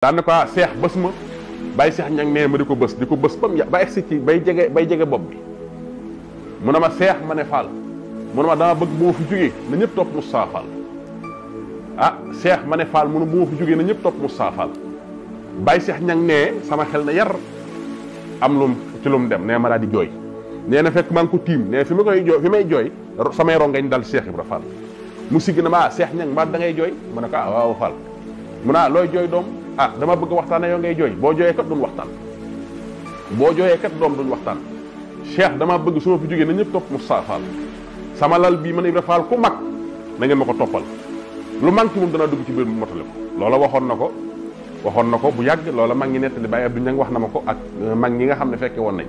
daan na ko seex bës ma bàyyi ñang nee ma di ko bës di bam ba egsi ci bay jege bay jege bopp bi mu ne dama bëgg fi na ah seex ma ne faal mu fi jógee na ñëpp ñang sama xel na yar am ci dem nee ma di jooy nee na fekk maa ko tiim nee fi ma koy fi may dal seex Ibra Fall mu ma ah, seex ñang mbaa da ngay jooy mu waaw ah dama bëgg waxtaan yow ngay jooy boo jooyee kat duñ waxtaan boo jooyee kat doom duñ waxtaan cheikh dama bëgg su fi jógee na ñëpp topp Moustapha Fall sama lal bii man Ibra Fall ku mag na ngeen ma ko toppal lu manqué moom danaa dugg ci biir motale ko loola waxoon na ko waxoon na ko bu yàgg loola mag ñi nettali Baye Abdou Niang wax na ak euh, mag ñi nga xam ne fekke woon nañ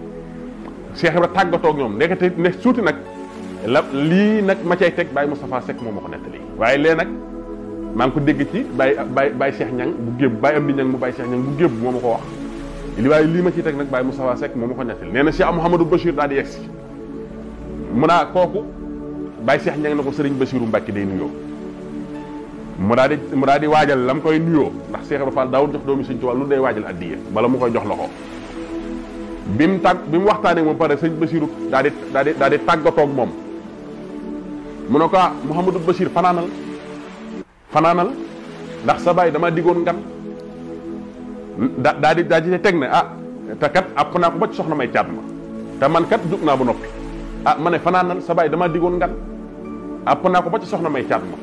Cheikh Ibra tàggatoo ak ñoom ndekete ne suuti nag la lii nag ma cay teg Baye Moustapha Seck moo ma ko nettali waaye maa ngi ko dégg ci bay bay bay cheikh ñang bu géeb bay am ñang mu bay cheikh ñang bu géeb moo ma ko wax li waaye lii ma ciy teg nag bàyyi Moustapha Seck moo ma ko nettal nee na cheikh Mouhamadou Bachir daal di yegg mu naa kooku bay cheikh ñang na ko sëriñ Bachiru day nuyoo mu daal di mu daal di waajal lam koy nuyoo ndax Cheikh Ibra Fall daawul jox doomi sëñ Tuubaa lu day wajal addiya bala mu koy jox loxo bi mu tàgg bi mu waxtaanee moom pare sëñ Bachir daal di daal di daal di tàggatoo ak moom mu ne ah, Bachir fanaanal fanaanal ndax sa baay damaa diggoon ngan da daa di daa di ah te kat àpp naa ko ci soxna may caat ma te man kat jug naa ba noppi ah ma ne fanaanal sa baay damaa diggoon ngan àpp naa ko ba ci soxna may caat ma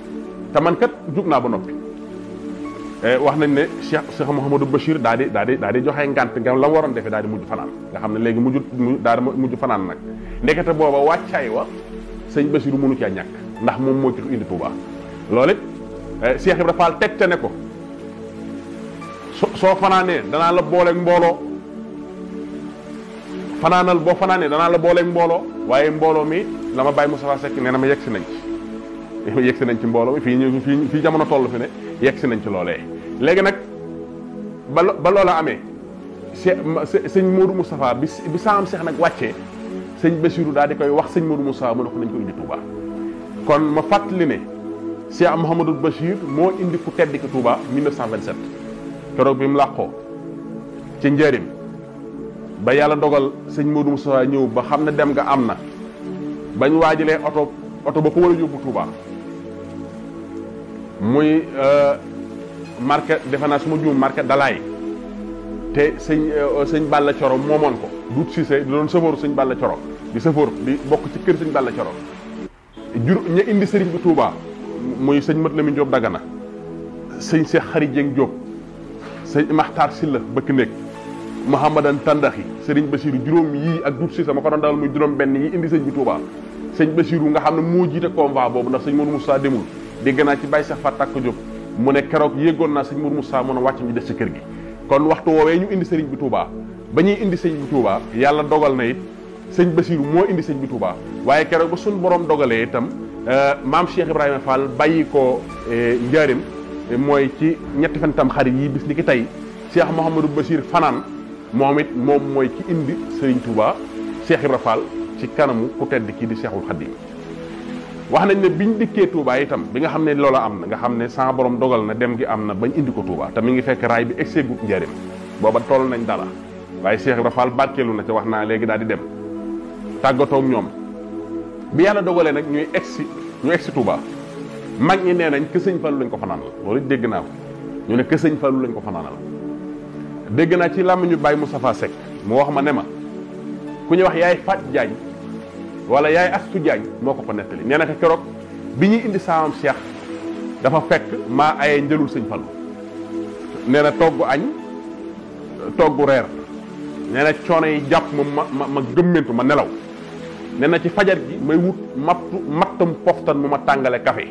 te man kat jug naa ba noppi eh, wax nañ ne Cheikh Cheikh Mouhamadou Bachir daa di daa di daa di joxe ngant nga la waroon defee daa di mujj fanaan nga xam ne léegi mujj daa di mujj fanaan nag ndekete booba caay wa sëñ Bachir mënu caa ñàkk ndax moom moo ci indi Tuubaa Eh, Cheikh Ibra Fall teg te ne ko soo fanaanee danaa la booleeg mbooloo fanaanal boo fanaanee danaa la booleeg mbooloo waaye mbooloo mi la ma bàyyi Moustapha Seck nee na ma yegg si nañ ci nañ ci mbooloo mi fii ñu fii jamono toll fi ne yegg si nañ ci loolee léegi nag ba ba loola amee sëñ Modou Moustapha bi bi saam seex nag wàcce sëñ Bassirou daal di koy wax sëñ Modou Moustapha mu ne ko nañ ko indi Touba kon ma fàttali ne si Cheikh Mouhamadou Bachir moo indi ku tedd ki Touba 1927 keroog bi mu làqoo ci njëriñ ba yàlla dogal sëñ Modou Moussa ñëw ba xam ne dem nga am na bañ waajalee oto oto ba ko war a yóbbu Touba muy euh, marqué defe naa su ma juum marqué dalaay te sëñ euh, sëñ Balla Coro moomoon ko duut Cissé di doon sëfooru sëñ Balla Coro di sëfoor di bokk ci kër sëñ Balla Coro jur ña indi sëriñ bi Touba muy sëñ Mat Lamin Jóob Dagana sëñ Seex Xari Jeng Jóob sëñ Maxtaar Silla bëkk nekk Mouhamadan Tandaxi sëriñ Basiru juróom yii ak dut si sama ko a dalal muy juróom benn yi indi sëñ bi Touba sëñ Basiru nga xam ne moo jiite convoi boobu ndax sëñ Mourou Moussa demul dégg naa ci Baye sax fa Tàkk Jóob mu ne keroog yéegoon naa sëñ Mourou Moussa mën a wàcc ñu des ci kër gi kon waxtu woowee ñu indi sëriñ bi Touba ba ñuy indi sëñ bi Touba yàlla dogal na it sëñ Basiru moo indi sëñ bi Touba waaye keroog suñ borom dogalee itam Euh, maam Cheikh Ibrahima Fall bàyyi ko eh, njaarim eh, mooy ci ñetti fan tam xarit yi bis ni ki tey Cheikh Mouhamadou Bachir fanaan moom it moom mooy ci indi Serigne Touba Cheikh Ibrahima Fall ci kanamu ku tedd kii di Cheikhul Khadim wax nañ ne biñ dikkee tuubaa itam bi nga xam ne loola am na nga xam ne sans borom dogal na dem gi am na bañ indi ko Touba te mi ngi fekk raay bi egseegut njaarim booba toll nañ dara waaye Cheikh Ibrahima Fall barkeelu na ca wax naa léegi daal di dem tàggatoo ak ñoom. bi yàlla dogalee nag ñuy egsi ñu egsi Touba mag ñi nee nañ que sëñ Fallou lañ ko fanaanal loolu dégg naa ko ñu ne que sëñ Fallou lañ ko fanaanal dégg naa ci làmm ñu bàyyi Moustapha Seck mu wax ma ne ma ku ñuy wax yaay Fat Diagne wala yaay Astu Diagne moo ko ko nettali nee na ko keroog bi ñuy indi saamam Cheikh dafa fekk maa aye njëlul sëñ Fallou nee na togg añ togg reer nee na coono yi jàpp ma ma ma gëmmentu ma nelaw nee na ci fajar gi may wut mattu mattam poftan mu ma tàngale café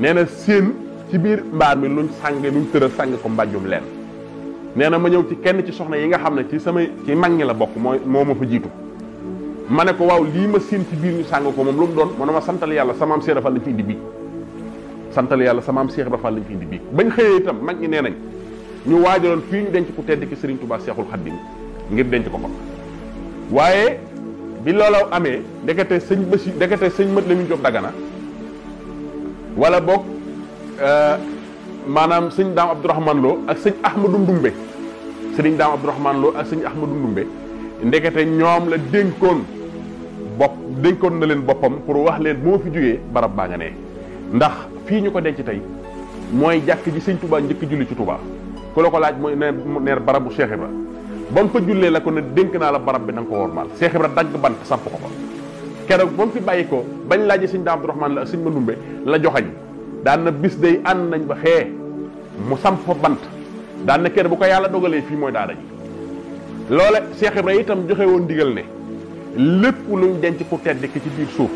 nee na séen ci biir mbaar mi luñ sànge luñ tëral sàng ko mbàjjum leen nee na ma ñëw ci kenn ci soxna yi nga xam ne ci samay ci mag ñi la bokk mooy moo ma fa jiitu ma ne ko waaw lii ma séen ci biir ñu sàng ko moom lu mu doon ma ne ma santal yàlla samaam Seex Ibra Faal lañ fi indi bii santal yàlla samaam Seex Ibra Faal lañ fi indi bii bañ xëyee itam mag ñi nee nañ ñu waajaloon fii ñu denc ku tedd ki Serigne Touba Seexul bi ngir denc ko fa bi loolaw amee ndekete sëñ Basi ndekete sëñ Mat Lamin Jóob Dagana wala boog euh, maanaam sëñ Daam Abdourahman Lo ak sëñ Ahmadou Ndumbe sëriñ Daam Abdourahman Lo ak sëñ Ahmadou Ndumbe ndekete ñoom la dénkoon bopp dénkoon na leen boppam pour wax leen moo fi jógee barab baa nga ne ndax fii ñu ko denc tey mooy jàkk ji sëñ Touba njëkk julli ci Touba ku la ko laaj mooy neer barabu Cheikh Ibra ba mu fa jullee la ko ne dénk naa la barab bi na nga ko wormaal Cheikh Ibra dagg bant samp ko fa keroog ba mu fi bàyyi ko bañ laajee sëñ Daam Abdourahmane la sëñ Mandumbe la joxañ daan na bis day ànd nañ ba xee mu samp fa bant daan na kenn bu ko yàlla dogalee fi mooy daara ji loole Cheikh Ibra itam joxe woon ndigal ne lépp luñ denc ku tedd ki ci biir suuf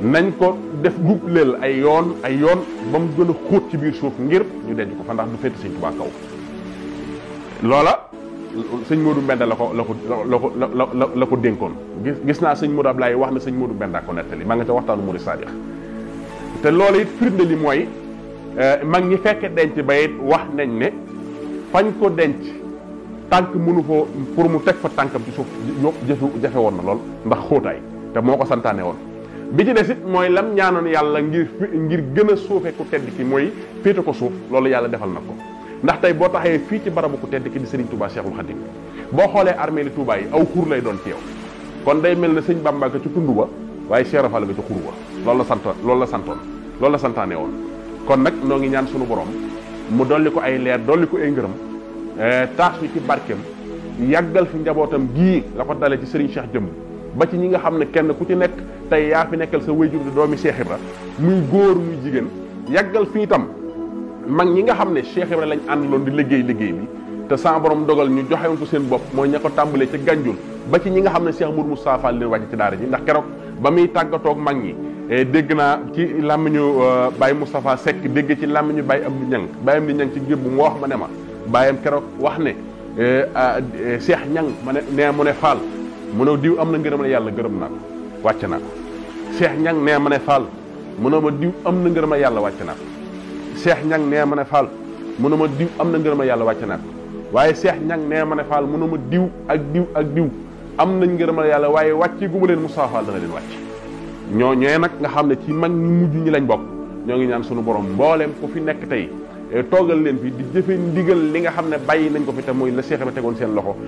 nañ ko def gub lel ay yoon ay yoon ba mu gën a xóot ci biir suuf ngir ñu denc ko fa ndax du féete sëñ Tuubaa kaw loola sëñ Modou Mbenda la ko la ko la ko la la ko dénkoon gis naa sëñ Modou Ablaye wax na sëñ Modou Mbenda ko nettali maa nga ca waxtaanu Mouride Sadikh te loolu it firnde li mooy eh, mag ñi fekke denc ba wax nañ ne fañ ko denc tànk mënu ko pour mu teg fa tànkam ci suuf jafe jafe woon na lool ndax xóotaay te moo ko santaane woon bi ci des it mooy lam ñaanoon yàlla ngir ngir gën a suufe ku tedd ki mooy féete ko suuf loolu yàlla defal na ko ndax tey boo taxee fii ci barabu ku tedd ki di Serigne Touba Cheikhul Khadim boo xoolee armée li Touba yi aw xur lay doon ci yow kon day mel ne sëñ Bamba nga ci tund ba waaye Cheikh Rafal nga ci xur ba loolu la santoon loolu la santoon loolu la santaane woon kon nag noo ngi ñaan sunu borom mu dolli ko ay leer dolli ko ay ngërëm eh, taas wi ci barkem yàggal fi njabootam gii la ko dale ci Serigne Cheikh jëm ba ci ñi nga xam ne kenn ku ci nekk tey yaa fi nekkal sa wéyjur di doomi Cheikh Ibra muy góor muy jigéen yàggal fi itam mag ñi nga xam ne Cheikh Ibrahima lañ àndaloon di liggéey liggéey te sans borom dogal ñu joxewoon ko seen bopp mooy ña ko tàmbalee ca Gànjul ba ci ñi xam ne Cheikh Mour Moustapha Fall leen wàcc ci daara ji ndax keroog ba muy tàggatoo mag ñi eh, dégg naa ci làmmiñu euh, Baye Moustapha Seck dégg ci làmmiñu Baye Amdi Ñang Baye Amdi Ñang ci gébb moo wax ma ne ma bàyyam keroog wax ne eh, ah, eh, Cheikh Ñang ma ne mu ne Fall mu ne diw am na ngërëm la yàlla gërëm naa ko wàcc naa ko Cheikh Ñang nee ma ne Fall mu ne ma diw am na ngërëm la yàlla wàcc naa Cheikh Ñang nee ma ne Fall mu ma diw am na ngërëmal yàlla wàcce naa ko waaye seex Ñang nee ma ne Fall mu ne ma diw ak diw ak diw am nañ ngërëmal yàlla waaye wàcce gu ma leen Moustapha Fall dana leen wàcc ñoo ñooy nag nga xam ne ci mag ñu mujj ñi lañ bokk ñoo ngi ñaan sunu borom mbooleem ku fi nekk tey eh, toogal leen fi di jëfe ndigal li nga xam ne bàyyi nañ ko fi te mooy la Cheikh ba tegoon seen loxo